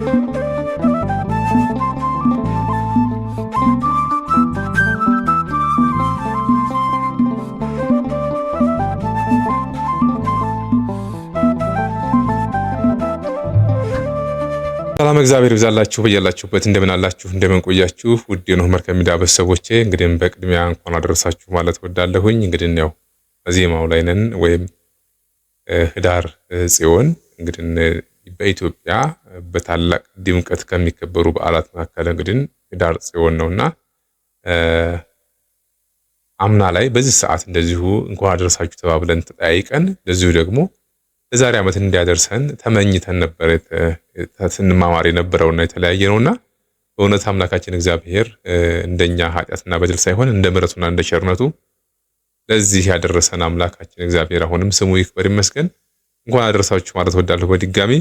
ሰላም እግዚአብሔር ይብዛላችሁ በያላችሁበት እንደምን አላችሁ እንደምን ቆያችሁ ውድ የኖህ መርከብ ሚዲያ ቤተሰቦቼ እንግዲህ በቅድሚያ እንኳን አደረሳችሁ ማለት ወዳለሁኝ እንግዲህ ያው በዜማው ላይ ነን ወይም ህዳር ጽዮን እንግዲህ በኢትዮጵያ በታላቅ ድምቀት ከሚከበሩ በዓላት መካከል እንግዲህ ህዳር ጽዮን ነውና አምና ላይ በዚህ ሰዓት እንደዚሁ እንኳን አደረሳችሁ ተባብለን ተጠያይቀን እንደዚሁ ደግሞ ለዛሬ ዓመት እንዲያደርሰን ተመኝተን ነበር ስንማማር የነበረውና የተለያየ ነውና በእውነት አምላካችን እግዚአብሔር እንደኛ ኃጢአትና በደል ሳይሆን እንደ ምረቱና እንደ ቸርነቱ ለዚህ ያደረሰን አምላካችን እግዚአብሔር አሁንም ስሙ ይክበር ይመስገን። እንኳን አደረሳችሁ ማለት ወዳለሁ በድጋሚ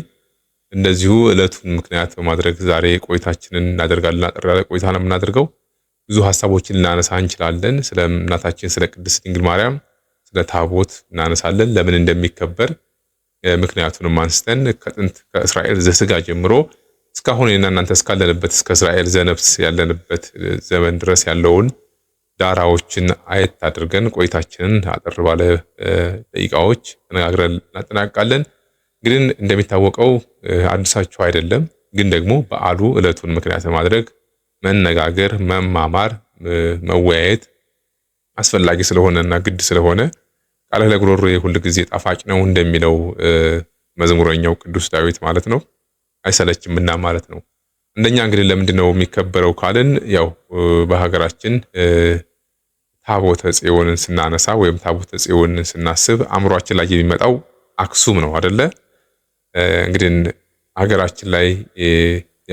እንደዚሁ እለቱን ምክንያት በማድረግ ዛሬ ቆይታችንን እናደርጋለን። አጠር ያለ ቆይታ ነው የምናደርገው። ብዙ ሀሳቦችን ልናነሳ እንችላለን። ስለ እናታችን ስለ ቅድስት ድንግል ማርያም፣ ስለ ታቦት እናነሳለን። ለምን እንደሚከበር ምክንያቱንም አንስተን ከጥንት ከእስራኤል ዘስጋ ጀምሮ እስካሁን ና እናንተ እስካለንበት እስከ እስራኤል ዘነፍስ ያለንበት ዘመን ድረስ ያለውን ዳራዎችን አየት አድርገን ቆይታችንን አጠር ባለ ደቂቃዎች ተነጋግረን እናጠናቃለን። ግን እንደሚታወቀው አዲሳችሁ አይደለም። ግን ደግሞ በዓሉ ዕለቱን ምክንያት ማድረግ መነጋገር፣ መማማር፣ መወያየት አስፈላጊ ስለሆነና ግድ ስለሆነ ቃልህ ለጉሮሮ የሁል ጊዜ ጣፋጭ ነው እንደሚለው መዝሙረኛው ቅዱስ ዳዊት ማለት ነው። አይሰለችምና ማለት ነው። አንደኛ እንግዲህ ለምንድን ነው የሚከበረው ካልን ያው በሀገራችን ታቦተ ጽዮንን ስናነሳ ወይም ታቦተ ጽዮንን ስናስብ አእምሯችን ላይ የሚመጣው አክሱም ነው አደለ? እንግዲህ ሀገራችን ላይ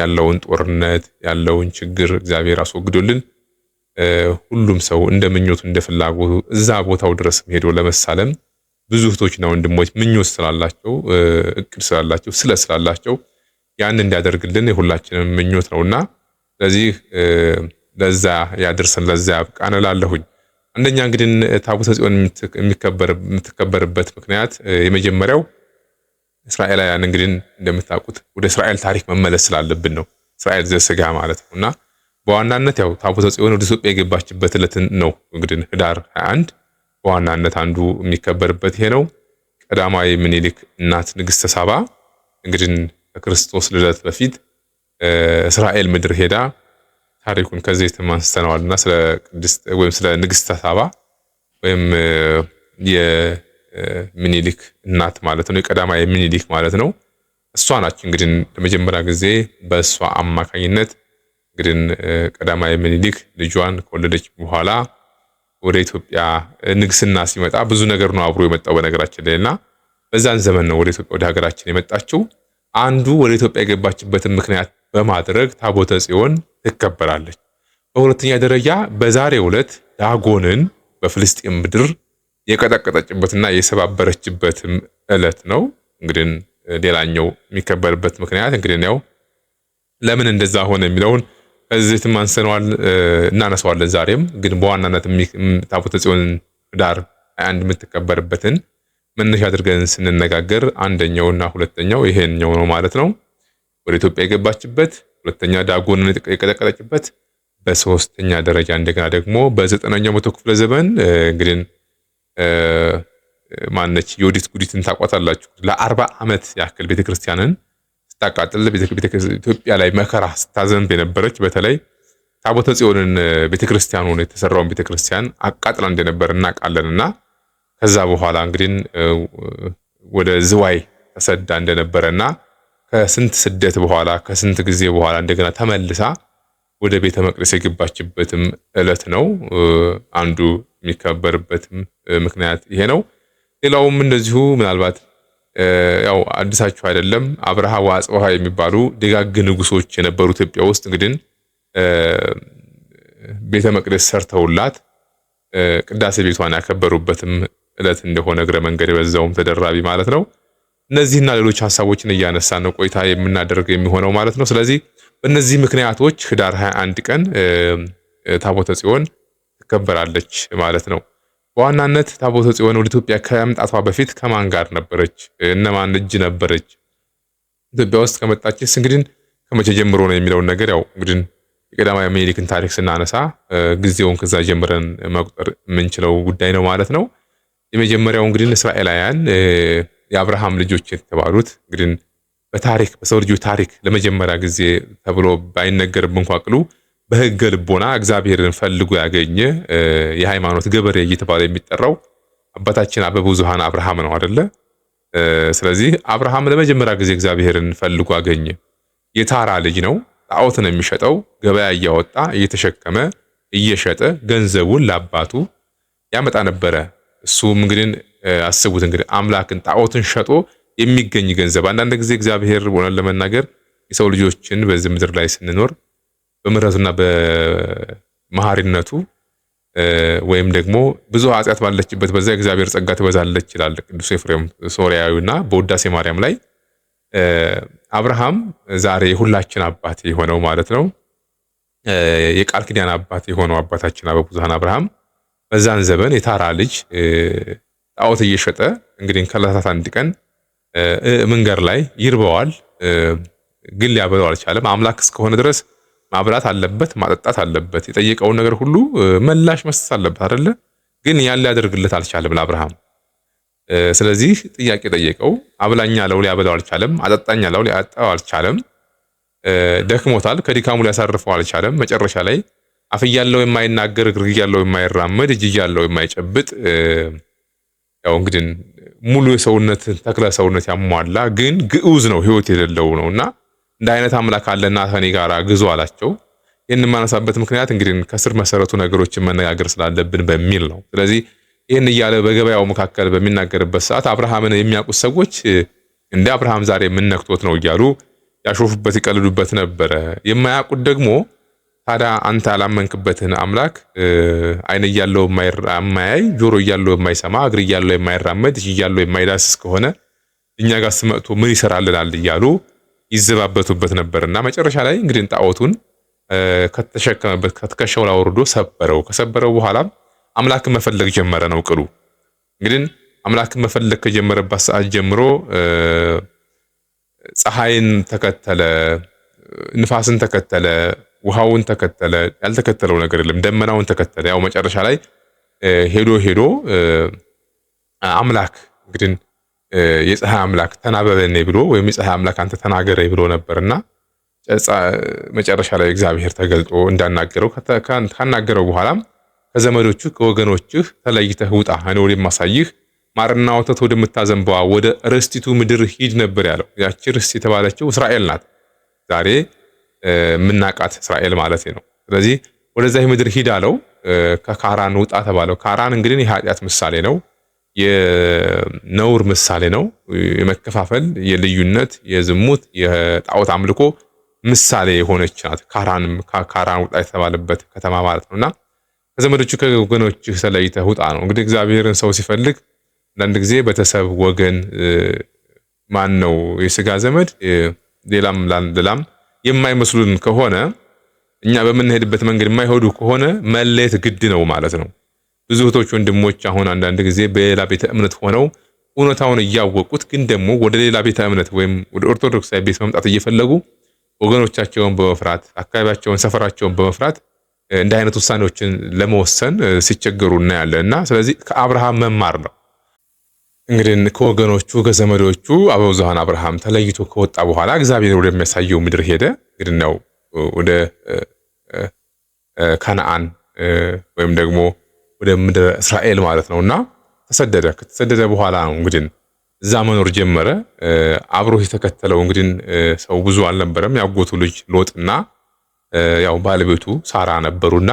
ያለውን ጦርነት ያለውን ችግር እግዚአብሔር አስወግዶልን ሁሉም ሰው እንደ ምኞቱ እንደ ፍላጎቱ እዛ ቦታው ድረስ ሄዶ ለመሳለም ብዙ እህቶችና ወንድሞች ምኞት ስላላቸው እቅድ ስላላቸው ስለ ስላላቸው ያን እንዲያደርግልን የሁላችንም ምኞት ነውና ስለዚህ ለዛ ያድርሰን ለዛ ያብቃን እላለሁኝ። አንደኛ እንግዲህ ታቦተ ጽዮን የምትከበርበት ምክንያት የመጀመሪያው እስራኤላውያን እንግዲህ እንደምታውቁት ወደ እስራኤል ታሪክ መመለስ ስላለብን ነው። እስራኤል ዘስጋ ማለት ነው እና በዋናነት ያው ታቦተ ጽዮን ወደ ኢትዮጵያ የገባችበት ዕለትን ነው እንግዲህ ህዳር 21 በዋናነት አንዱ የሚከበርበት ይሄ ነው። ቀዳማዊ ምኒልክ እናት ንግስተ ሳባ እንግዲህ ከክርስቶስ ልደት በፊት እስራኤል ምድር ሄዳ ታሪኩን ከዚህ የተማንስተነዋልና ስለ ቅድስት ወይም ስለ ንግስተ ሳባ ወይም ምኒልክ እናት ማለት ነው፣ የቀዳማዊ ምኒልክ ማለት ነው። እሷ ናቸው እንግዲህ ለመጀመሪያ ጊዜ በእሷ አማካኝነት እንግዲህ ቀዳማዊ ምኒልክ ልጇን ከወለደች በኋላ ወደ ኢትዮጵያ ንግስና ሲመጣ ብዙ ነገር ነው አብሮ የመጣው በነገራችን ላይ እና በዛን ዘመን ነው ወደ ኢትዮጵያ ወደ ሀገራችን የመጣችው። አንዱ ወደ ኢትዮጵያ የገባችበትን ምክንያት በማድረግ ታቦተ ጽዮን ትከበራለች። በሁለተኛ ደረጃ በዛሬው ዕለት ዳጎንን በፍልስጤም ምድር የቀጠቀጠችበትና የሰባበረችበትም እለት ነው። እንግዲህ ሌላኛው የሚከበርበት ምክንያት እንግዲህ ያው ለምን እንደዛ ሆነ የሚለውን እዚህ አንስነዋል እናነሳዋለን። ዛሬም ግን በዋናነት ታቦተ ጽዮን ዳር አንድ የምትከበርበትን መነሻ አድርገን ስንነጋገር አንደኛውና ሁለተኛው ይሄኛው ነው ማለት ነው። ወደ ኢትዮጵያ የገባችበት ሁለተኛ ዳጎንን የቀጠቀጠችበት በሶስተኛ ደረጃ እንደገና ደግሞ በዘጠነኛው መቶ ክፍለ ዘመን እንግዲህ ማነች የኦዲት ጉዲትን ታቋታላችሁ። ለአርባ ዓመት ያክል ቤተክርስቲያንን ስታቃጥል ኢትዮጵያ ላይ መከራ ስታዘንብ የነበረች በተለይ ታቦተ ጽዮንን ቤተክርስቲያን የተሰራውን ቤተክርስቲያን አቃጥላ እንደነበር እናውቃለን። እና ከዛ በኋላ እንግዲህ ወደ ዝዋይ ተሰዳ እንደነበረ እና ከስንት ስደት በኋላ ከስንት ጊዜ በኋላ እንደገና ተመልሳ ወደ ቤተ መቅደስ የገባችበትም ዕለት ነው አንዱ የሚከበርበትም ምክንያት ይሄ ነው። ሌላውም እንደዚሁ ምናልባት ያው አዲሳችሁ አይደለም። አብርሃ ወአጽብሃ የሚባሉ ደጋግ ንጉሶች የነበሩ ኢትዮጵያ ውስጥ እንግዲህ ቤተ መቅደስ ሰርተውላት ቅዳሴ ቤቷን ያከበሩበትም እለት እንደሆነ እግረ መንገድ የበዛውም ተደራቢ ማለት ነው። እነዚህና ሌሎች ሀሳቦችን እያነሳ ነው ቆይታ የምናደርግ የሚሆነው ማለት ነው። ስለዚህ በእነዚህ ምክንያቶች ህዳር 21 ቀን ታቦተ ጽዮን ትከበራለች ማለት ነው። በዋናነት ታቦተ ጽዮን ወደ ኢትዮጵያ ከመምጣቷ በፊት ከማን ጋር ነበረች? እነማን እጅ ነበረች? ኢትዮጵያ ውስጥ ከመጣችስ እንግዲህ ከመቼ ጀምሮ ነው የሚለውን ነገር ያው እንግዲህ የቀዳማዊ ምኒልክን ታሪክ ስናነሳ ጊዜውን ከዛ ጀምረን መቁጠር የምንችለው ጉዳይ ነው ማለት ነው። የመጀመሪያው እንግዲህ እስራኤላውያን የአብርሃም ልጆች የተባሉት እንግዲህ በታሪክ በሰው ልጆች ታሪክ ለመጀመሪያ ጊዜ ተብሎ ባይነገርም እንኳ ቅሉ በህገ ልቦና እግዚአብሔርን ፈልጎ ያገኘ የሃይማኖት ገበሬ እየተባለ የሚጠራው አባታችን አበ ብዙሃን አብርሃም ነው አደለ? ስለዚህ አብርሃም ለመጀመሪያ ጊዜ እግዚአብሔርን ፈልጎ አገኘ። የታራ ልጅ ነው። ጣዖት ነው የሚሸጠው። ገበያ እያወጣ እየተሸከመ እየሸጠ ገንዘቡን ለአባቱ ያመጣ ነበረ። እሱም እንግዲህ አስቡት እንግዲህ አምላክን ጣዖትን ሸጦ የሚገኝ ገንዘብ። አንዳንድ ጊዜ እግዚአብሔር ሆነን ለመናገር የሰው ልጆችን በዚህ ምድር ላይ ስንኖር በምህረቱና በመሐሪነቱ ወይም ደግሞ ብዙ ኃጢአት ባለችበት በዛ እግዚአብሔር ጸጋ ትበዛለች ይላል ቅዱስ ኤፍሬም ሶርያዊና በውዳሴ ማርያም ላይ አብርሃም ዛሬ የሁላችን አባት የሆነው ማለት ነው። የቃል ኪዳን አባት የሆነው አባታችን አበ አብርሃም በዛን ዘመን የታራ ልጅ ጣዖት እየሸጠ እንግዲህ ከዕለታት አንድ ቀን መንገድ ላይ ይርበዋል፣ ግን ሊያበለው አልቻለም። አምላክ እስከሆነ ድረስ ማብላት አለበት፣ ማጠጣት አለበት፣ የጠየቀውን ነገር ሁሉ ምላሽ መስጠት አለበት አይደለ? ግን ያን ሊያደርግለት አልቻለም ለአብርሃም። ስለዚህ ጥያቄ ጠየቀው። አብላኛ ለው ሊያበላው አልቻለም። አጠጣኛ ለው ሊያጠጣው አልቻለም። ደክሞታል፣ ከድካሙ ሊያሳርፈው አልቻለም። መጨረሻ ላይ አፍ የማይናገር እግር የማይራመድ እጅ እያለው የማይጨብጥ ያው እንግዲህ ሙሉ የሰውነት ተክለ ሰውነት ያሟላ ግን ግዑዝ ነው፣ ህይወት የሌለው ነው እና እንደ አይነት አምላክ አለና ከኔ ጋር ግዙ አላቸው። ይህን የማነሳበት ምክንያት እንግዲህ ከስር መሰረቱ ነገሮችን መነጋገር ስላለብን በሚል ነው። ስለዚህ ይህን እያለ በገበያው መካከል በሚናገርበት ሰዓት አብርሃምን የሚያውቁት ሰዎች እንደ አብርሃም ዛሬ የምነክቶት ነው እያሉ ያሾፉበት፣ ይቀልዱበት ነበረ። የማያውቁት ደግሞ ታዲያ አንተ ያላመንክበትን አምላክ አይን እያለው የማያይ ጆሮ እያለው የማይሰማ እግር እያለው የማይራመድ እያለው የማይዳስስ ከሆነ እኛ ጋር ስመጥቶ ምን ይሰራልናል እያሉ ይዘባበቱበት እና መጨረሻ ላይ እንግዲህ ጣዖቱን ከተሸከመበት ከትከሻው ላይ አውርዶ ሰበረው። ከሰበረው በኋላም አምላክን መፈለግ ጀመረ ነው ቅሉ። እንግዲህ አምላክ መፈለግ ከጀመረባት ሰዓት ጀምሮ ፀሐይን ተከተለ፣ ንፋስን ተከተለ፣ ውሃውን ተከተለ። ያልተከተለው ነገር የለም። ደመናውን ተከተለ። ያው መጨረሻ ላይ ሄዶ ሄዶ አምላክ እንግዲህ የፀሐይ አምላክ ተናበበኔ ብሎ ወይም የፀሐይ አምላክ አንተ ተናገረ ብሎ ነበርና መጨረሻ ላይ እግዚአብሔር ተገልጦ እንዳናገረው ካናገረው በኋላም ከዘመዶቹ ከወገኖችህ ተለይተህ ውጣ፣ እኔ ወደማሳይህ ማርና ወተት ወደምታዘንበዋ ወደ ርስቲቱ ምድር ሂድ ነበር ያለው። ያቺ ርስት የተባለችው እስራኤል ናት። ዛሬ የምናቃት እስራኤል ማለት ነው። ስለዚህ ወደዚያ ምድር ሂድ አለው። ከካራን ውጣ ተባለው። ካራን እንግዲህ የኃጢአት ምሳሌ ነው። የነውር ምሳሌ ነው። የመከፋፈል፣ የልዩነት፣ የዝሙት፣ የጣዖት አምልኮ ምሳሌ የሆነች ናት። ካራንም ካራን ውጣ የተባለበት ከተማ ማለት እና ከዘመዶቹ ከወገኖች ተለይተህ ውጣ ነው። እንግዲህ እግዚአብሔርን ሰው ሲፈልግ አንዳንድ ጊዜ ቤተሰብ፣ ወገን፣ ማን ነው የስጋ ዘመድ፣ ሌላም ሌላም የማይመስሉን ከሆነ እኛ በምንሄድበት መንገድ የማይሄዱ ከሆነ መለየት ግድ ነው ማለት ነው። ብዙ እህቶች ወንድሞች አሁን አንዳንድ ጊዜ በሌላ ቤተ እምነት ሆነው እውነታውን እያወቁት ግን ደግሞ ወደ ሌላ ቤተ እምነት ወይም ወደ ኦርቶዶክሳዊ ቤት መምጣት እየፈለጉ ወገኖቻቸውን በመፍራት አካባቢያቸውን፣ ሰፈራቸውን በመፍራት እንደ አይነት ውሳኔዎችን ለመወሰን ሲቸገሩ እናያለን እና ስለዚህ ከአብርሃም መማር ነው እንግዲህ ከወገኖቹ ከዘመዶቹ አበብዙሃን አብርሃም ተለይቶ ከወጣ በኋላ እግዚአብሔር ወደሚያሳየው ምድር ሄደ። እንግዲህ ነው ወደ ከነአን ወይም ደግሞ ወደ ምድረ እስራኤል ማለት ነው። እና ተሰደደ። ከተሰደደ በኋላ ነው እንግዲህ እዛ መኖር ጀመረ። አብሮ የተከተለው እንግዲህ ሰው ብዙ አልነበረም። ያጎቱ ልጅ ሎጥና ያው ባለቤቱ ሳራ ነበሩና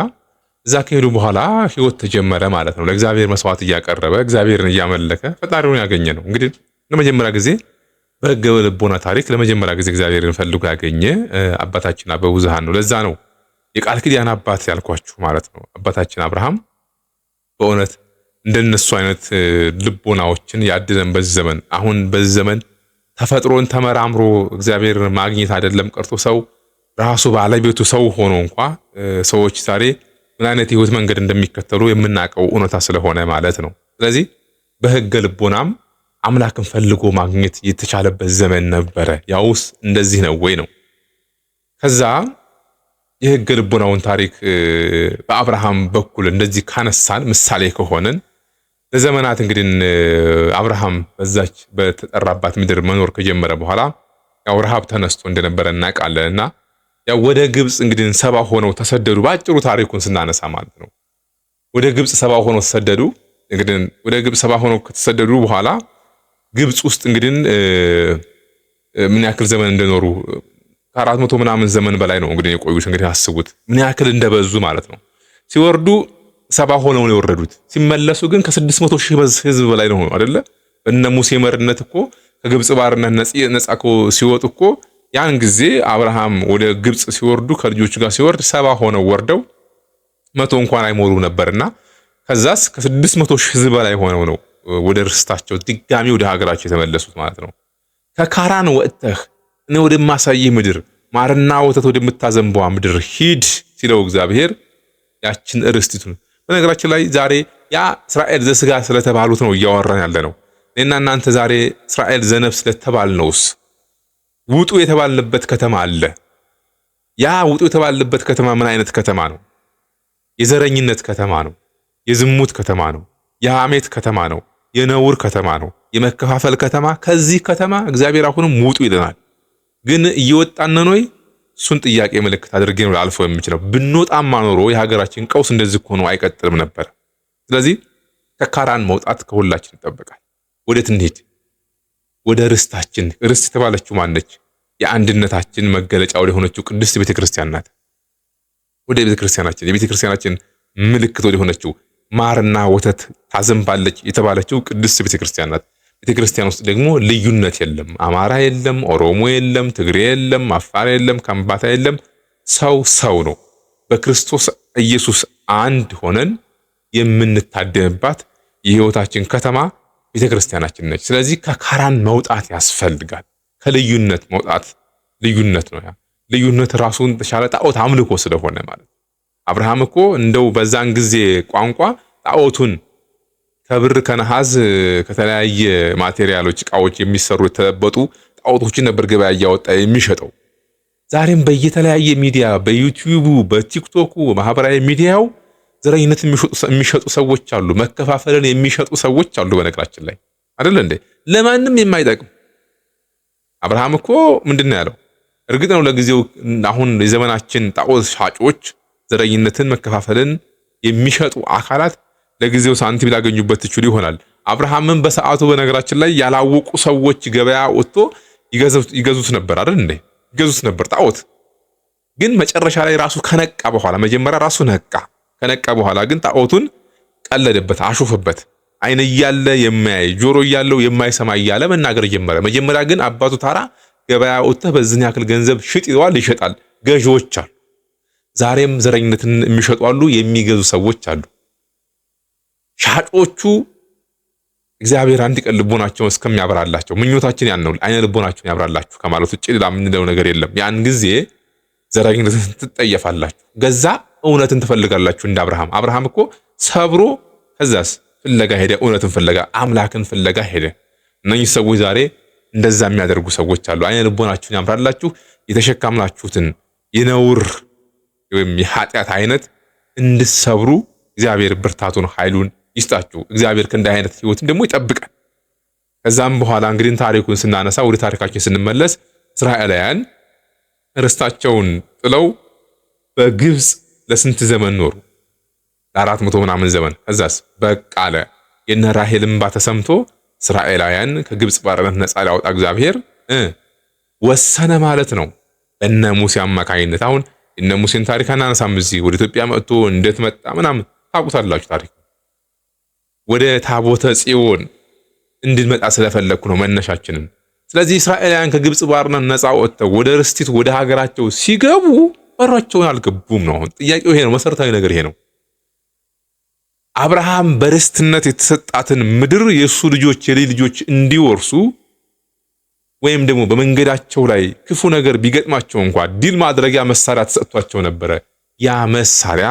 እዛ ከሄዱ በኋላ ህይወት ተጀመረ ማለት ነው። ለእግዚአብሔር መስዋዕት እያቀረበ እግዚአብሔርን እያመለከ ፈጣሪውን ያገኘ ነው እንግዲህ ለመጀመሪያ ጊዜ በህገ ልቦና ታሪክ ለመጀመሪያ ጊዜ እግዚአብሔርን ፈልጎ ያገኘ አባታችን አበ ነው። ለዛ ነው የቃል ኪዳን አባት ያልኳችሁ ማለት ነው። አባታችን አብርሃም በእውነት እንደነሱ አይነት ልቦናዎችን ያድለን በዚህ ዘመን። አሁን በዚህ ዘመን ተፈጥሮን ተመራምሮ እግዚአብሔር ማግኘት አይደለም ቀርቶ ሰው ራሱ ባለቤቱ ሰው ሆኖ እንኳ ሰዎች ዛሬ ምን አይነት የህይወት መንገድ እንደሚከተሉ የምናውቀው እውነታ ስለሆነ ማለት ነው። ስለዚህ በህገ ልቦናም አምላክን ፈልጎ ማግኘት የተቻለበት ዘመን ነበረ። ያውስ እንደዚህ ነው ወይ ነው ከዛ የህገ ልቦናውን ታሪክ በአብርሃም በኩል እንደዚህ ካነሳን ምሳሌ ከሆነን ለዘመናት እንግዲህ አብርሃም በዛች በተጠራባት ምድር መኖር ከጀመረ በኋላ ያው ረሃብ ተነስቶ እንደነበረ እናውቃለን እና ያው ወደ ግብፅ እንግዲህ ሰባ ሆነው ተሰደዱ። በአጭሩ ታሪኩን ስናነሳ ማለት ነው። ወደ ግብፅ ሰባ ሆነው ተሰደዱ። እንግዲህ ወደ ግብፅ ሰባ ሆነው ከተሰደዱ በኋላ ግብፅ ውስጥ እንግዲህ ምን ያክል ዘመን እንደኖሩ ከአራት መቶ ምናምን ዘመን በላይ ነው እንግዲህ የቆዩት። እንግዲህ አስቡት ምን ያክል እንደበዙ ማለት ነው። ሲወርዱ ሰባ ሆነው ነው የወረዱት። ሲመለሱ ግን ከስድስት መቶ ሺህ ህዝብ በላይ ነው አደለ? በነ ሙሴ መርነት እኮ ከግብፅ ባርነት ነጻ ሲወጡ እኮ ያን ጊዜ አብርሃም ወደ ግብፅ ሲወርዱ ከልጆቹ ጋር ሲወርድ ሰባ ሆነው ወርደው መቶ እንኳን አይሞሉም ነበርና ከዛስ ከስድስት መቶ ሺህ ህዝብ በላይ ሆነው ነው ወደ ርስታቸው ድጋሚ ወደ ሀገራቸው የተመለሱት ማለት ነው። ከካራን ወጥተህ እኔ ወደማሳይህ ምድር ማርና ወተት ወደምታዘንበዋ ምድር ሂድ ሲለው እግዚአብሔር ያችን ርስቲቱን በነገራችን ላይ ዛሬ ያ እስራኤል ዘስጋ ስለተባሉት ነው እያወራን ያለ ነው። እኔና እናንተ ዛሬ እስራኤል ዘነፍስ ስለተባልነውስ ውጡ የተባልንበት ከተማ አለ። ያ ውጡ የተባልንበት ከተማ ምን አይነት ከተማ ነው? የዘረኝነት ከተማ ነው። የዝሙት ከተማ ነው። የሐሜት ከተማ ነው። የነውር ከተማ ነው። የመከፋፈል ከተማ። ከዚህ ከተማ እግዚአብሔር አሁንም ውጡ ይለናል። ግን እየወጣን ነው? እሱን ጥያቄ ምልክት አድርጌ ነው ላልፈው የምችለው። ብንወጣማ ኖሮ የሀገራችን ቀውስ እንደዚህ ሆኖ አይቀጥልም ነበር። ስለዚህ ከካራን መውጣት ከሁላችን ይጠበቃል። ወዴት እንሂድ? ወደ ርስታችን። ርስት የተባለችው ማነች? የአንድነታችን መገለጫ ወደ ሆነችው ቅድስት ቤተ ክርስቲያን ናት። ወደ ቤተ ክርስቲያናችን የቤተ ክርስቲያናችን ምልክት ወደ ሆነችው ማርና ወተት ታዘንባለች የተባለችው ቅድስት ቤተ ክርስቲያን ናት። ቤተክርስቲያን ውስጥ ደግሞ ልዩነት የለም። አማራ የለም፣ ኦሮሞ የለም፣ ትግሬ የለም፣ አፋር የለም፣ ከምባታ የለም። ሰው ሰው ነው። በክርስቶስ ኢየሱስ አንድ ሆነን የምንታደምባት የህይወታችን ከተማ ቤተክርስቲያናችን ነች። ስለዚህ ከካራን መውጣት ያስፈልጋል። ከልዩነት መውጣት ልዩነት ነው። ያ ልዩነት ራሱን ተሻለ ጣዖት አምልኮ ስለሆነ ማለት አብርሃም እኮ እንደው በዛን ጊዜ ቋንቋ ጣዖቱን ከብር ከነሐስ ከተለያየ ማቴሪያሎች እቃዎች የሚሰሩ የተለበጡ ጣዖቶችን ነበር ገበያ እያወጣ የሚሸጠው። ዛሬም በየተለያየ ሚዲያ በዩቲዩቡ፣ በቲክቶኩ ማህበራዊ ሚዲያው ዘረኝነት የሚሸጡ ሰዎች አሉ። መከፋፈልን የሚሸጡ ሰዎች አሉ። በነገራችን ላይ አደለ እንዴ? ለማንም የማይጠቅም አብርሃም እኮ ምንድን ነው ያለው? እርግጥ ነው ለጊዜው አሁን የዘመናችን ጣዖት ሻጮች ዘረኝነትን፣ መከፋፈልን የሚሸጡ አካላት ለጊዜው ሳንቲም ላገኙበት ትችሉ ይሆናል። አብርሃምን በሰዓቱ በነገራችን ላይ ያላወቁ ሰዎች ገበያ ወጥቶ ይገዙት ነበር አይደል እንዴ? ይገዙት ነበር ጣዖት። ግን መጨረሻ ላይ ራሱ ከነቃ በኋላ መጀመሪያ ራሱ ነቃ። ከነቃ በኋላ ግን ጣዖቱን ቀለደበት፣ አሾፈበት። አይን እያለ የማያይ ጆሮ እያለው የማይሰማ እያለ መናገር ጀመረ። መጀመሪያ ግን አባቱ ታራ ገበያ ወጥተህ በዚህን ያክል ገንዘብ ሽጥ ይለዋል። ይሸጣል። ገዢዎች አሉ። ዛሬም ዘረኝነትን የሚሸጡ አሉ፣ የሚገዙ ሰዎች አሉ። ሻጮቹ እግዚአብሔር አንድ ቀን ልቦናቸውን እስከሚያብራላቸው ምኞታችን ያን ነው። አይነ ልቦናቸውን ያብራላችሁ ከማለት ውጭ ሌላ የምንለው ነገር የለም። ያን ጊዜ ዘረኝነትን ትጠየፋላችሁ፣ ገዛ እውነትን ትፈልጋላችሁ። እንደ አብርሃም አብርሃም እኮ ሰብሮ ከዛስ ፍለጋ ሄደ፣ እውነትን ፍለጋ አምላክን ፍለጋ ሄደ። እነኚህ ሰዎች ዛሬ እንደዛ የሚያደርጉ ሰዎች አሉ። አይነ ልቦናችሁን ያምራላችሁ፣ የተሸካምናችሁትን የነውር ወይም የኃጢአት አይነት እንድሰብሩ እግዚአብሔር ብርታቱን ኃይሉን ይስጣችሁ። እግዚአብሔር ከእንዲህ አይነት ህይወትም ደግሞ ይጠብቃል። ከዛም በኋላ እንግዲህ ታሪኩን ስናነሳ ወደ ታሪካችን ስንመለስ እስራኤላውያን ርስታቸውን ጥለው በግብፅ ለስንት ዘመን ኖሩ? ለአራት መቶ ምናምን ዘመን። ከዛስ በቃለ የነ ራሄል እንባ ተሰምቶ እስራኤላውያን ከግብፅ ባርነት ነፃ ሊያወጣ እግዚአብሔር ወሰነ ማለት ነው፣ በነ ሙሴ አማካኝነት። አሁን የነ ሙሴን ታሪክ አናነሳም። እዚህ ወደ ኢትዮጵያ መጥቶ እንዴት መጣ ምናምን ታውቁታላችሁ ታሪክ ወደ ታቦተ ጽዮን እንድንመጣ ስለፈለግኩ ነው መነሻችንን። ስለዚህ እስራኤላውያን ከግብፅ ባርነት ነፃ ወጥተው ወደ ርስቲቱ ወደ ሀገራቸው ሲገቡ በራቸውን አልገቡም ነው። አሁን ጥያቄው ይሄ ነው፣ መሰረታዊ ነገር ይሄ ነው። አብርሃም በርስትነት የተሰጣትን ምድር የእሱ ልጆች የልጅ ልጆች እንዲወርሱ ወይም ደግሞ በመንገዳቸው ላይ ክፉ ነገር ቢገጥማቸው እንኳ ድል ማድረጊያ መሳሪያ ተሰጥቷቸው ነበረ። ያ መሳሪያ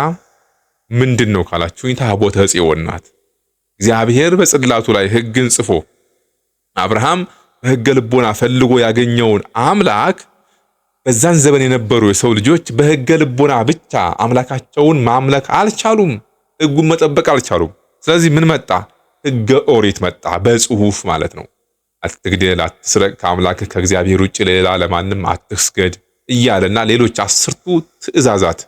ምንድን ነው ካላችሁኝ ታቦተ ጽዮን ናት። እግዚአብሔር በጽላቱ ላይ ሕግን ጽፎ አብርሃም በሕገ ልቦና ፈልጎ ያገኘውን አምላክ በዛን ዘመን የነበሩ የሰው ልጆች በሕገ ልቦና ብቻ አምላካቸውን ማምለክ አልቻሉም። ሕጉን መጠበቅ አልቻሉም። ስለዚህ ምን መጣ? ሕገ ኦሪት መጣ፣ በጽሁፍ ማለት ነው። አትግደል፣ አትስረቅ፣ ከአምላክ ከእግዚአብሔር ውጭ ለሌላ ለማንም አትስገድ እያለና ሌሎች አስርቱ ትእዛዛት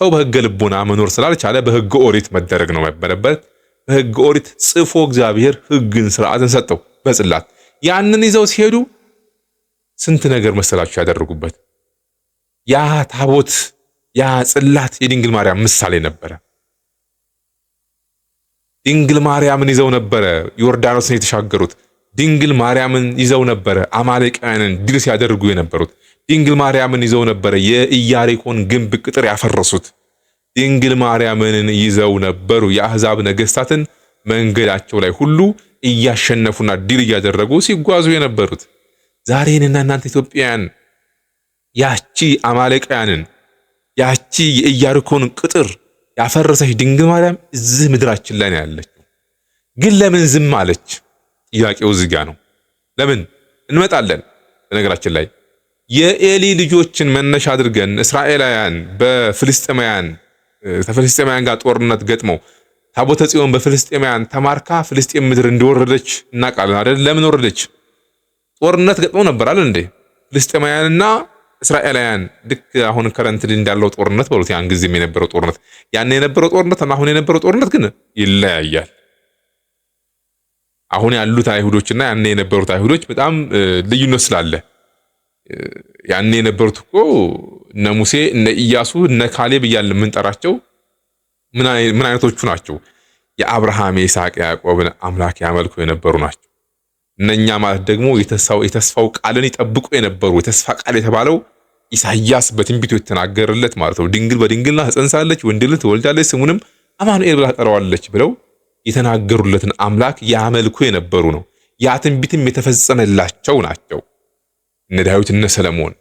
ሰው በሕገ ልቦና መኖር ስላልቻለ በሕገ ኦሪት መደረግ ነው መበረበት በሕግ ኦሪት ጽፎ እግዚአብሔር ሕግን ስርዓትን ሰጠው በጽላት ያንን ይዘው ሲሄዱ ስንት ነገር መሰላችሁ ያደረጉበት። ያ ታቦት ያ ጽላት የድንግል ማርያም ምሳሌ ነበረ። ድንግል ማርያምን ይዘው ነበረ ዮርዳኖስን የተሻገሩት። ድንግል ማርያምን ይዘው ነበረ አማሌቃውያንን ድል ሲያደርጉ የነበሩት። ድንግል ማርያምን ይዘው ነበረ የኢያሪኮን ግንብ ቅጥር ያፈረሱት። ድንግል ማርያምን ይዘው ነበሩ። የአሕዛብ ነገሥታትን መንገዳቸው ላይ ሁሉ እያሸነፉና ድል እያደረጉ ሲጓዙ የነበሩት ዛሬንና እናንተ ኢትዮጵያውያን ያቺ አማሌቃውያንን ያቺ የኢያሪኮን ቅጥር ያፈረሰች ድንግል ማርያም እዚህ ምድራችን ላይ ነው ያለችው። ግን ለምን ዝም አለች? ጥያቄው እዚህ ነው። ለምን እንመጣለን። በነገራችን ላይ የኤሊ ልጆችን መነሻ አድርገን እስራኤላውያን በፍልስጥማውያን ከፍልስጤማውያን ጋር ጦርነት ገጥመው ታቦተ ጽዮን በፍልስጤማውያን ተማርካ ፍልስጤም ምድር እንደወረደች እናውቃለን አይደል? ለምን ወረደች? ጦርነት ገጥመው ነበር አይደል እንዴ? ፍልስጤማውያንና እስራኤላውያን ልክ አሁን ከረንት እንዳለው ጦርነት በሉት። ያን ጊዜም የነበረው ጦርነት ያን የነበረው ጦርነት እና አሁን የነበረው ጦርነት ግን ይለያያል። አሁን ያሉት አይሁዶችና ያን የነበሩት አይሁዶች በጣም ልዩነት ስላለ ያኔ የነበሩት እኮ እነ ሙሴ እነ ኢያሱ እነ ካሌብ እያልን የምንጠራቸው ምን አይነቶቹ ናቸው? የአብርሃም የይስሐቅ ያዕቆብን አምላክ ያመልኩ የነበሩ ናቸው። እነኛ ማለት ደግሞ የተስፋው ቃልን ይጠብቁ የነበሩ የተስፋ ቃል የተባለው ኢሳያስ በትንቢቱ የተናገርለት ማለት ነው። ድንግል በድንግልና ትጸንሳለች፣ ወንድ ልጅ ትወልዳለች፣ ስሙንም አማኑኤል ብላ ጠራዋለች ብለው የተናገሩለትን አምላክ ያመልኩ የነበሩ ነው። ያ ትንቢትም የተፈጸመላቸው ናቸው። እነ ዳዊት፣ እነ ሰለሞን፣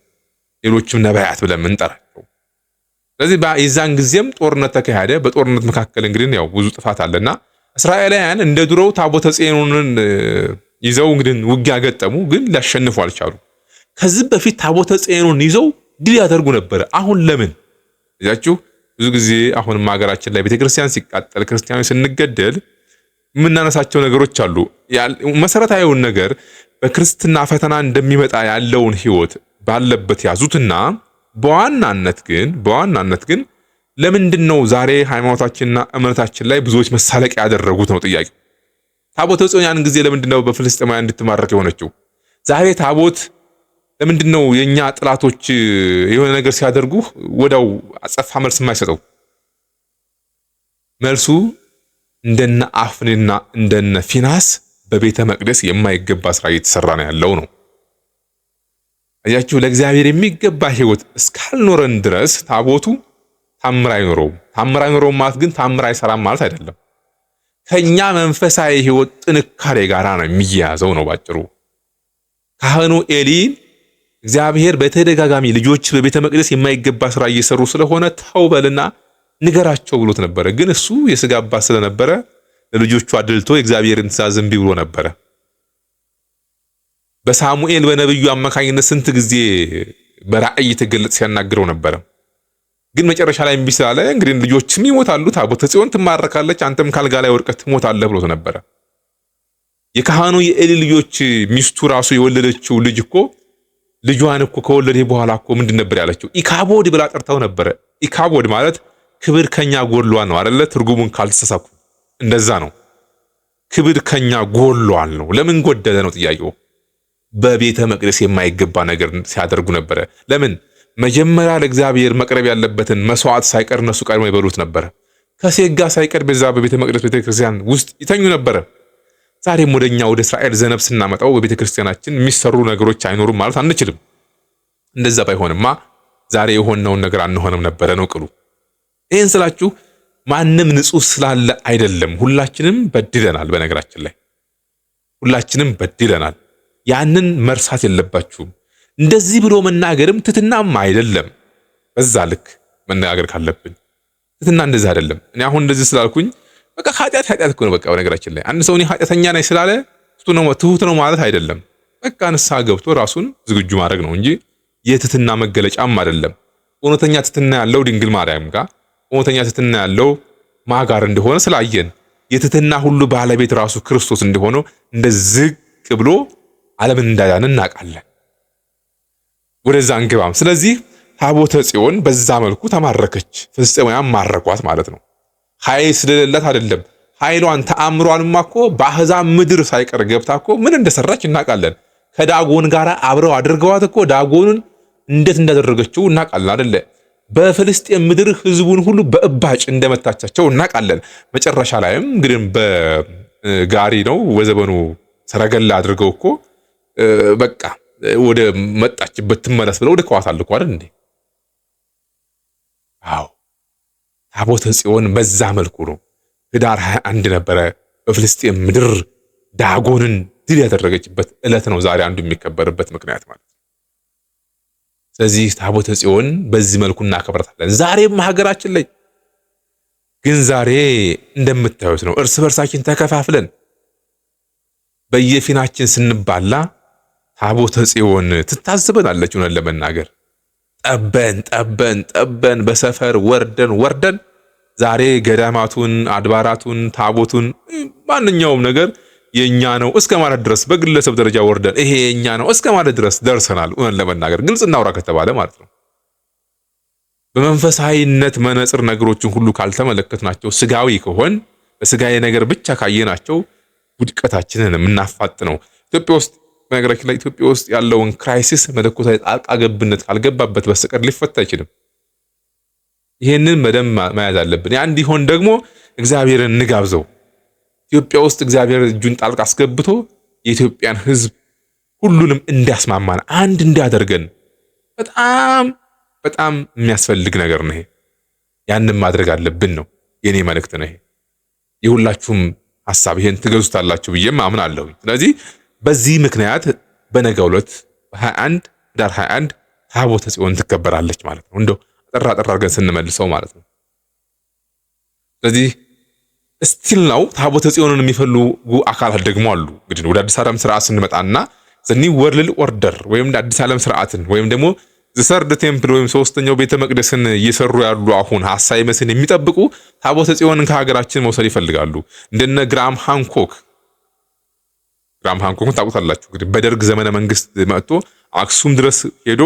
ሌሎችም ነቢያት ብለን ምንጠራቸው። ስለዚህ የዛን ጊዜም ጦርነት ተካሄደ። በጦርነት መካከል እንግዲህ ያው ብዙ ጥፋት አለና እስራኤላውያን እንደ ድሮው ታቦተ ጽዮንን ይዘው እንግዲህ ውጊያ ገጠሙ፣ ግን ሊያሸንፉ አልቻሉ። ከዚህ በፊት ታቦተ ጽዮንን ይዘው ድል ያደርጉ ነበር አሁን ለምን እያችሁ ብዙ ጊዜ አሁንም ሀገራችን ላይ ቤተክርስቲያን ሲቃጠል ክርስቲያኖች ስንገደል የምናነሳቸው ነገሮች አሉ። መሰረታዊውን ነገር በክርስትና ፈተና እንደሚመጣ ያለውን ህይወት ባለበት ያዙትና በዋናነት ግን በዋናነት ግን ለምንድን ነው ዛሬ ሃይማኖታችንና እምነታችን ላይ ብዙዎች መሳለቂያ ያደረጉት ነው ጥያቄ። ታቦተ ጽዮን ያን ጊዜ ለምንድን ነው በፍልስጥማውያን እንድትማረክ የሆነችው? ዛሬ ታቦት ለምንድን ነው የእኛ ጥላቶች የሆነ ነገር ሲያደርጉ ወዳው አጸፋ መልስ የማይሰጠው? መልሱ እንደነ አፍኔና እንደነ ፊናስ በቤተ መቅደስ የማይገባ ስራ እየተሰራ ነው ያለው ነው። አያችሁ፣ ለእግዚአብሔር የሚገባ ህይወት እስካልኖረን ድረስ ታቦቱ ታምር አይኖረውም። ታምር አይኖረውም ማለት ግን ታምር አይሰራም ማለት አይደለም። ከኛ መንፈሳዊ ህይወት ጥንካሬ ጋር ነው የሚያያዘው ነው ባጭሩ። ካህኑ ኤሊን እግዚአብሔር በተደጋጋሚ ልጆች በቤተ መቅደስ የማይገባ ስራ እየሰሩ ስለሆነ ተውበልና ንገራቸው ብሎት ነበረ። ግን እሱ የስጋ አባት ስለነበረ ለልጆቹ አድልቶ የእግዚአብሔርን ትእዛዝ እምቢ ብሎ ነበረ። በሳሙኤል በነብዩ አማካኝነት ስንት ጊዜ በራእይ የተገለጸ ሲያናግረው ነበረ። ግን መጨረሻ ላይ እምቢ ስላለ እንግዲህ ልጆችም ይሞታሉ፣ ታቦተ ጽዮን ትማረካለች፣ አንተም ካልጋ ላይ ወድቀህ ትሞታለህ ብሎት ነበረ። የካህኑ የኤሊ ልጆች ሚስቱ ራሱ የወለደችው ልጅ እኮ ልጇን እኮ ከወለደ በኋላ እኮ ምንድን ነበር ያለችው? ኢካቦድ ብላ ጠርታው ነበረ። ኢካቦድ ማለት ክብር ከኛ ጎሏ ነው አደለ? ትርጉሙን ካልተሳሳኩ እንደዛ ነው። ክብር ከኛ ጎሏል ነው። ለምን ጎደለ ነው ጥያቄው። በቤተ መቅደስ የማይገባ ነገር ሲያደርጉ ነበረ። ለምን መጀመሪያ ለእግዚአብሔር መቅረብ ያለበትን መስዋዕት ሳይቀር እነሱ ቀድሞ ይበሉት ነበረ። ከሴት ጋር ሳይቀር በዛ በቤተ መቅደስ ክርስቲያን ውስጥ ይተኙ ነበረ። ዛሬም ወደኛ ወደ እስራኤል ዘነብ ስናመጣው በቤተ ክርስቲያናችን የሚሰሩ ነገሮች አይኖሩም ማለት አንችልም። እንደዛ ባይሆንማ ዛሬ የሆነውን ነገር አንሆንም ነበረ ነው ቅሉ። ይህን ስላችሁ ማንም ንጹህ ስላለ አይደለም። ሁላችንም በድለናል። በነገራችን ላይ ሁላችንም በድለናል። ያንን መርሳት የለባችሁም። እንደዚህ ብሎ መናገርም ትትናም አይደለም። በዛ ልክ መነጋገር ካለብን ትትና እንደዚህ አይደለም። እኔ አሁን እንደዚህ ስላልኩኝ በቃ ኃጢአት ኃጢአት ነው። በቃ በነገራችን ላይ አንድ ሰው እኔ ኃጢአተኛ ነኝ ስላለ ትሁት ነው ማለት አይደለም። በቃ ንስሐ ገብቶ ራሱን ዝግጁ ማድረግ ነው እንጂ የትትና መገለጫም አይደለም። እውነተኛ ትትና ያለው ድንግል ማርያም ጋር እውነተኛ ትህትና ያለው ማጋር እንደሆነ ስላየን የትህትና ሁሉ ባለቤት ራሱ ክርስቶስ እንደሆነው እንደ ዝቅ ብሎ ዓለምን እንዳዳነ እናውቃለን። ወደዛ እንግባም። ስለዚህ ታቦተ ጽዮን በዛ መልኩ ተማረከች፣ ፍልስጤማውያን ማረኳት ማለት ነው። ኃይል ስለሌላት አይደለም። ኃይሏን ተአምሯንማ እኮ በአሕዛብ ምድር ሳይቀር ገብታ እኮ ምን እንደሰራች እናውቃለን። ከዳጎን ጋር አብረው አድርገዋት እኮ ዳጎኑን እንዴት እንዳደረገችው እናውቃለን አደለ? በፍልስጤን ምድር ህዝቡን ሁሉ በእባጭ እንደመታቻቸው እናውቃለን። መጨረሻ ላይም እንግዲህ በጋሪ ነው ወዘበኑ ሰረገላ አድርገው እኮ በቃ ወደ መጣችበት ትመለስ ብለው ወደ ከዋት አልኩ አይደል እንዴ? አዎ ታቦተ ጽዮን በዛ መልኩ ነው። ህዳር 21 ነበረ በፍልስጤን ምድር ዳጎንን ድል ያደረገችበት ዕለት ነው። ዛሬ አንዱ የሚከበርበት ምክንያት ማለት ነው። ስለዚህ ታቦተ ጽዮን በዚህ መልኩ እናከብራታለን። ዛሬም ሀገራችን ላይ ግን ዛሬ እንደምታዩት ነው። እርስ በርሳችን ተከፋፍለን በየፊናችን ስንባላ ታቦተ ጽዮን ትታዝበናለች። ሆነን ለመናገር ጠበን ጠበን ጠበን በሰፈር ወርደን ወርደን ዛሬ ገዳማቱን፣ አድባራቱን፣ ታቦቱን ማንኛውም ነገር የእኛ ነው እስከ ማለት ድረስ በግለሰብ ደረጃ ወርደን ይሄ የእኛ ነው እስከ ማለት ድረስ ደርሰናል። እውነት ለመናገር ግልጽ እናውራ ከተባለ ማለት ነው። በመንፈሳዊነት መነጽር ነገሮችን ሁሉ ካልተመለከትናቸው፣ ስጋዊ ከሆን በስጋዊ ነገር ብቻ ካየናቸው ውድቀታችንን የምናፋጥነው ኢትዮጵያ ውስጥ በነገራችን ላይ ኢትዮጵያ ውስጥ ያለውን ክራይሲስ መለኮታዊ ጣልቃ ገብነት ካልገባበት በስተቀር ሊፈታ አይችልም። ይህንን በደንብ መያዝ አለብን። ያ እንዲሆን ደግሞ እግዚአብሔርን እንጋብዘው። ኢትዮጵያ ውስጥ እግዚአብሔር እጁን ጣልቃ አስገብቶ የኢትዮጵያን ሕዝብ ሁሉንም እንዲያስማማን አንድ እንዲያደርገን በጣም በጣም የሚያስፈልግ ነገር ነው። ይሄ ያንን ማድረግ አለብን ነው የኔ መልእክት ነው። ይሄ የሁላችሁም ሀሳብ ይሄን ትገዙታላችሁ ብዬም አምን ስለዚህ በዚህ ምክንያት በነገውለት ዕለት በ21 ዳር 21 ታቦተ ጽዮን ትከበራለች ማለት ነው። እንደው አጠራ አጠራ አድርገን ስንመልሰው ማለት ነው። ስለዚህ ስቲል ነው ታቦተ ጽዮንን የሚፈልጉ አካላት ደግሞ አሉ። እንግዲህ ወደ አዲስ ዓለም ስርዓት ስንመጣና ዘኒ ወርልድ ኦርደር ወይም አዲስ ዓለም ስርዓትን ወይም ደግሞ ዘሰርድ ቴምፕል ወይም ሶስተኛው ቤተ መቅደስን እየሰሩ ያሉ አሁን ሀሳይ መስን የሚጠብቁ ታቦተ ጽዮንን ከሀገራችን መውሰድ ይፈልጋሉ። እንደነ ግራም ሃንኮክ ግራም ሃንኮክን ታውቁታላችሁ። እንግዲህ በደርግ ዘመነ መንግስት መጥቶ አክሱም ድረስ ሄዶ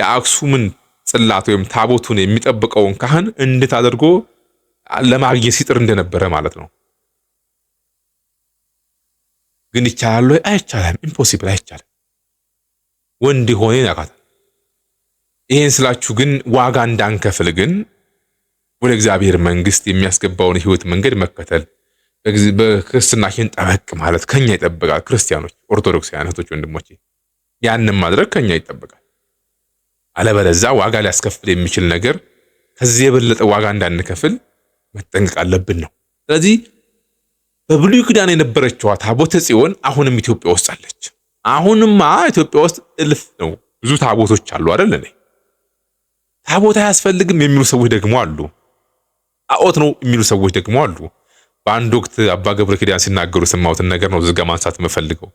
የአክሱምን ጽላት ወይም ታቦቱን የሚጠብቀውን ካህን እንዴት አድርጎ ለማግኘት ሲጥር እንደነበረ ማለት ነው። ግን ይቻላል ወይ? አይቻልም። ኢምፖሲብል አይቻልም። ወንድ ሆነ ያቃታል። ይሄን ስላችሁ ግን ዋጋ እንዳንከፍል ግን ወደ እግዚአብሔር መንግስት የሚያስገባውን ህይወት መንገድ መከተል በክርስትናችን ጠበቅ ማለት ከኛ ይጠበቃል። ክርስቲያኖች፣ ኦርቶዶክሳውያን እህቶች፣ ወንድሞቼ ያንን ማድረግ ከኛ ይጠበቃል። አለበለዚያ ዋጋ ሊያስከፍል የሚችል ነገር ከዚህ የበለጠ ዋጋ እንዳንከፍል መጠንቀቅ አለብን ነው። ስለዚህ በብሉይ ኪዳን የነበረችዋ ታቦተ ጽዮን አሁንም ኢትዮጵያ ውስጥ አለች። አሁንማ ኢትዮጵያ ውስጥ እልፍ ነው፣ ብዙ ታቦቶች አሉ አይደል? እኔ ታቦት አያስፈልግም የሚሉ ሰዎች ደግሞ አሉ፣ ጣዖት ነው የሚሉ ሰዎች ደግሞ አሉ። በአንድ ወቅት አባ ገብረ ኪዳን ሲናገሩ የሰማሁትን ነገር ነው ዝጋ ማንሳት የምፈልገው።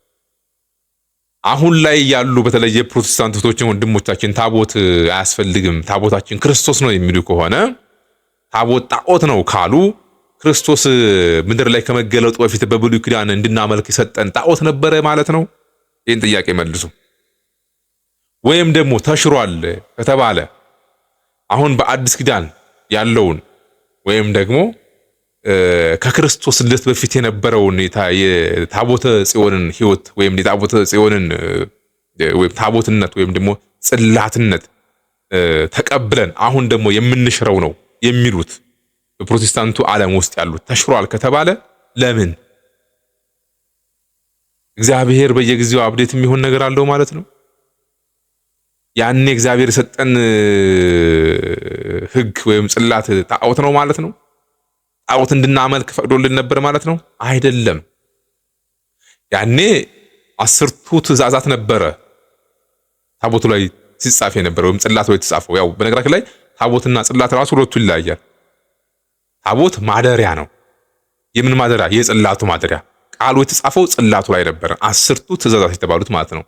አሁን ላይ ያሉ በተለይ የፕሮቴስታንት እህቶችን ወንድሞቻችን ታቦት አያስፈልግም፣ ታቦታችን ክርስቶስ ነው የሚሉ ከሆነ ታቦት ጣዖት ነው ካሉ ክርስቶስ ምድር ላይ ከመገለጡ በፊት በብሉይ ኪዳን እንድናመልክ የሰጠን ጣዖት ነበረ ማለት ነው? ይህን ጥያቄ መልሱ። ወይም ደግሞ ተሽሯል ከተባለ አሁን በአዲስ ኪዳን ያለውን ወይም ደግሞ ከክርስቶስ ልደት በፊት የነበረውን የታቦተ ጽዮንን ህይወት ወይም የታቦተ ጽዮንን ወይም ታቦትነት ወይም ደግሞ ጽላትነት ተቀብለን አሁን ደግሞ የምንሽረው ነው የሚሉት በፕሮቴስታንቱ ዓለም ውስጥ ያሉት ተሽሯል ከተባለ ለምን እግዚአብሔር በየጊዜው አብዴት የሚሆን ነገር አለው ማለት ነው? ያኔ እግዚአብሔር የሰጠን ሕግ ወይም ጽላት ጣዖት ነው ማለት ነው? ጣዖት እንድናመልክ ፈቅዶልን ነበር ማለት ነው? አይደለም። ያኔ አስርቱ ትእዛዛት ነበረ ታቦቱ ላይ ሲጻፍ የነበረ ወይም ጽላት ላይ የተጻፈው ያው በነገራችን ላይ ታቦትና ጽላት ራሱ ሁለቱ ይለያያል። ታቦት ማደሪያ ነው። የምን ማደሪያ? የጽላቱ ማደሪያ። ቃሉ የተጻፈው ጽላቱ ላይ ነበረ፣ አስርቱ ትእዛዛት የተባሉት ማለት ነው።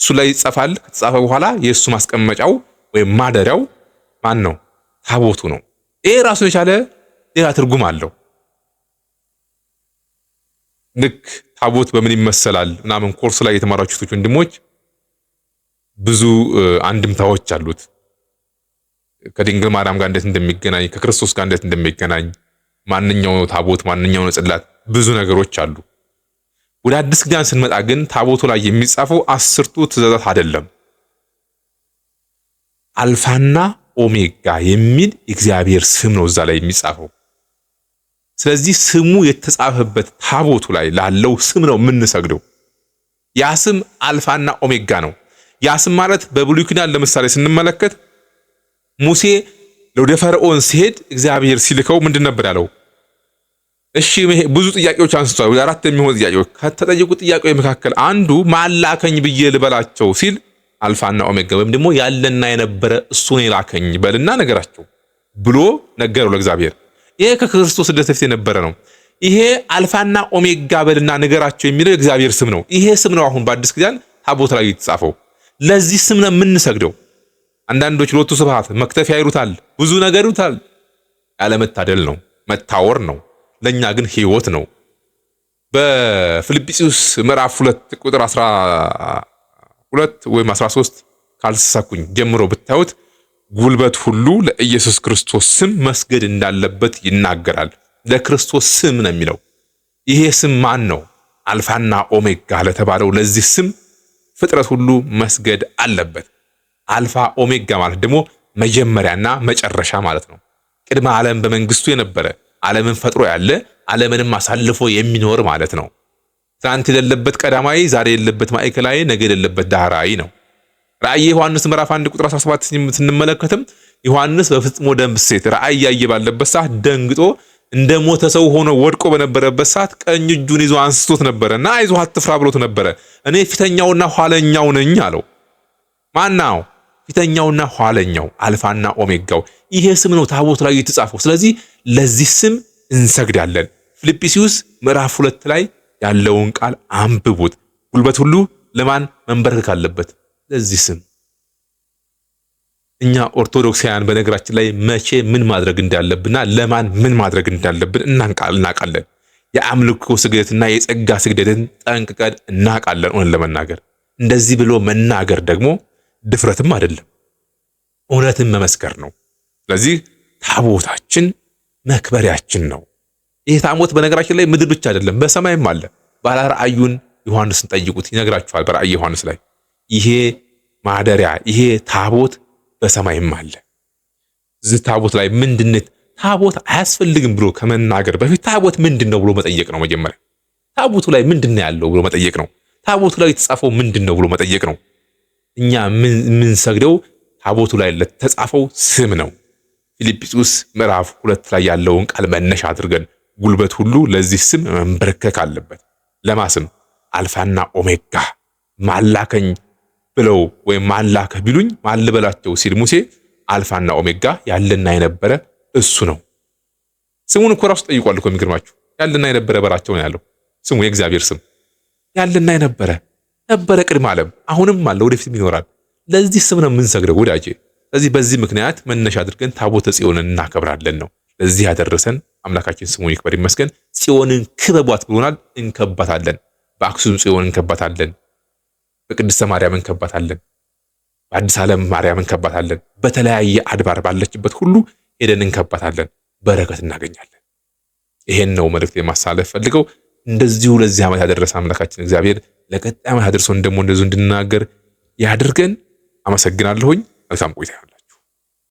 እሱ ላይ ይጻፋል። ከተጻፈ በኋላ የእሱ ማስቀመጫው ወይም ማደሪያው ማን ነው? ታቦቱ ነው። ይሄ ራሱን የቻለ ሌላ ትርጉም አለው። ልክ ታቦት በምን ይመሰላል ምናምን ኮርስ ላይ የተማራችሁት ወንድሞች ብዙ አንድምታዎች አሉት። ከድንግል ማርያም ጋር እንዴት እንደሚገናኝ ከክርስቶስ ጋር እንዴት እንደሚገናኝ ማንኛው ታቦት ማንኛው ጽላት ብዙ ነገሮች አሉ። ወደ አዲስ ኪዳን ስንመጣ ግን ታቦቱ ላይ የሚጻፈው አስርቱ ትእዛዛት አይደለም። አልፋና ኦሜጋ የሚል እግዚአብሔር ስም ነው እዛ ላይ የሚጻፈው። ስለዚህ ስሙ የተጻፈበት ታቦቱ ላይ ላለው ስም ነው የምንሰግደው። ያ ስም አልፋና ኦሜጋ ነው። ያ ስም ማለት በብሉይ ኪዳን ለምሳሌ ስንመለከት ሙሴ ወደ ፈርዖን ሲሄድ እግዚአብሔር ሲልከው ምንድን ነበር ያለው? እሺ ብዙ ጥያቄዎች አንስቷል። አራት የሚሆኑ ጥያቄዎች ከተጠየቁ ጥያቄዎች መካከል አንዱ ማላከኝ ብዬ ልበላቸው ሲል አልፋና ኦሜጋ ወይም ደግሞ ያለና የነበረ ነው የላከኝ በልና ነገራቸው ብሎ ነገረው ለእግዚአብሔር። ይሄ ከክርስቶስ ልደት በፊት የነበረ ነው። ይሄ አልፋና ኦሜጋ በልና ነገራቸው የሚለው የእግዚአብሔር ስም ነው። ይሄ ስም ነው አሁን በአዲስ ኪዳን ታቦት ላይ የተጻፈው። ለዚህ ስም ነው የምንሰግደው። አንዳንዶች ሎቱ ስብሐት መክተፊያ ይሉታል፣ ብዙ ነገር ይሉታል። ያለመታደል ነው፣ መታወር ነው። ለእኛ ግን ህይወት ነው። በፊልጵስዩስ ምዕራፍ ሁለት ቁጥር 12 ወይም 13 ካልተሳሳትኩኝ ጀምሮ ብታዩት ጉልበት ሁሉ ለኢየሱስ ክርስቶስ ስም መስገድ እንዳለበት ይናገራል። ለክርስቶስ ስም ነው የሚለው። ይሄ ስም ማን ነው? አልፋና ኦሜጋ ለተባለው ለዚህ ስም ፍጥረት ሁሉ መስገድ አለበት። አልፋ ኦሜጋ ማለት ደግሞ መጀመሪያና መጨረሻ ማለት ነው። ቅድመ ዓለም በመንግስቱ የነበረ ዓለምን ፈጥሮ ያለ ዓለምንም አሳልፎ የሚኖር ማለት ነው። ትናንት የሌለበት ቀዳማዊ፣ ዛሬ የሌለበት ማዕከላዊ፣ ነገ የሌለበት ዳህራዊ ነው። ራእየ ዮሐንስ ምዕራፍ 1 ቁጥር 17 ስንመለከትም ዮሐንስ በፍጽሞ ደንብ ሴት ራእይ ያየ ባለበት ሰዓት ደንግጦ እንደ ሞተ ሰው ሆኖ ወድቆ በነበረበት ሰዓት ቀኝ እጁን ይዞ አንስቶት ነበረ እና አይዞህ አትፍራ ብሎት ነበረ። እኔ ፊተኛውና ኋለኛው ነኝ አለው። ነው ፊተኛውና ኋለኛው አልፋና ኦሜጋው ይሄ ስም ነው ታቦት ላይ የተጻፈው። ስለዚህ ለዚህ ስም እንሰግዳለን። ፊልጵስዩስ ምዕራፍ ሁለት ላይ ያለውን ቃል አንብቡት። ጉልበት ሁሉ ለማን መንበርከክ አለበት? ለዚህ ስም። እኛ ኦርቶዶክሳውያን በነገራችን ላይ መቼ ምን ማድረግ እንዳለብንና ለማን ምን ማድረግ እንዳለብን እናውቃለን። የአምልኮ ስግደትና የጸጋ ስግደትን ጠንቅቀን እናቃለን ሆነን ለመናገር እንደዚህ ብሎ መናገር ደግሞ ድፍረትም አይደለም፣ እውነትን መመስከር ነው። ስለዚህ ታቦታችን መክበሪያችን ነው። ይህ ታቦት በነገራችን ላይ ምድር ብቻ አይደለም፣ በሰማይም አለ። ባለ ራእዩን ዮሐንስን ጠይቁት ይነግራችኋል። በራእይ ዮሐንስ ላይ ይሄ ማደሪያ ይሄ ታቦት በሰማይም አለ። እዚህ ታቦት ላይ ምንድነት ታቦት አያስፈልግም ብሎ ከመናገር በፊት ታቦት ምንድን ነው ብሎ መጠየቅ ነው። መጀመሪያ ታቦቱ ላይ ምንድን ነው ያለው ብሎ መጠየቅ ነው። ታቦቱ ላይ የተጻፈው ምንድን ነው ብሎ መጠየቅ ነው። እኛ የምንሰግደው ታቦቱ ላይ ለተጻፈው ስም ነው። ፊልጵስዩስ ምዕራፍ ሁለት ላይ ያለውን ቃል መነሻ አድርገን ጉልበት ሁሉ ለዚህ ስም መንበረከክ አለበት። ለማስም አልፋና ኦሜጋ ማላከኝ ብለው ወይም ማላከ ቢሉኝ ማልበላቸው ሲል ሙሴ አልፋና ኦሜጋ ያለና የነበረ እሱ ነው። ስሙን እኮ ራሱ ጠይቋል እኮ የሚገርማችሁ። ያለና የነበረ በራቸው ነው ያለው ስሙ የእግዚአብሔር ስም ያለና የነበረ ነበረ ቅድመ ዓለም፣ አሁንም አለ፣ ወደፊትም ይኖራል። ለዚህ ስም ነው የምንሰግደው ወዳጄ። ስለዚህ በዚህ ምክንያት መነሻ አድርገን ታቦተ ጽዮንን እናከብራለን ነው። ለዚህ ያደረሰን አምላካችን ስሙ ይክበር ይመስገን። ጽዮንን ክበቧት ብሎናል። እንከባታለን። በአክሱም ጽዮን እንከባታለን። በቅድስተ ማርያም እንከባታለን። በአዲስ ዓለም ማርያም እንከባታለን። በተለያየ አድባር ባለችበት ሁሉ ሄደን እንከባታለን። በረከት እናገኛለን። ይሄን ነው መልእክት የማሳለፍ ፈልገው። እንደዚሁ ለዚህ ዓመት ያደረሰ አምላካችን እግዚአብሔር ለቀጣይ ዓመት አድርሶን ደግሞ እንደዚሁ እንድናገር ያድርገን። አመሰግናለሁኝ። መልካም ቆይታ።